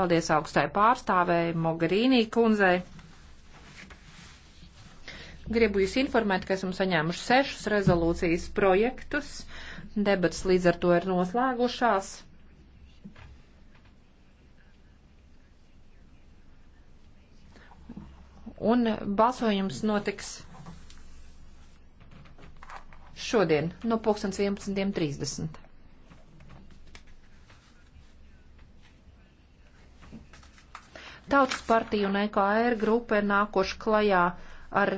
paldies augstai pārstāvēji Mogarīnī kundzei. Gribu jūs informēt, ka esam saņēmuši sešus rezolūcijas projektus. Debats līdz ar to ir noslēgušās. Un balsojums notiks šodien no 11.30. Tautas partija un EKR grupa ir nākoši klajā ar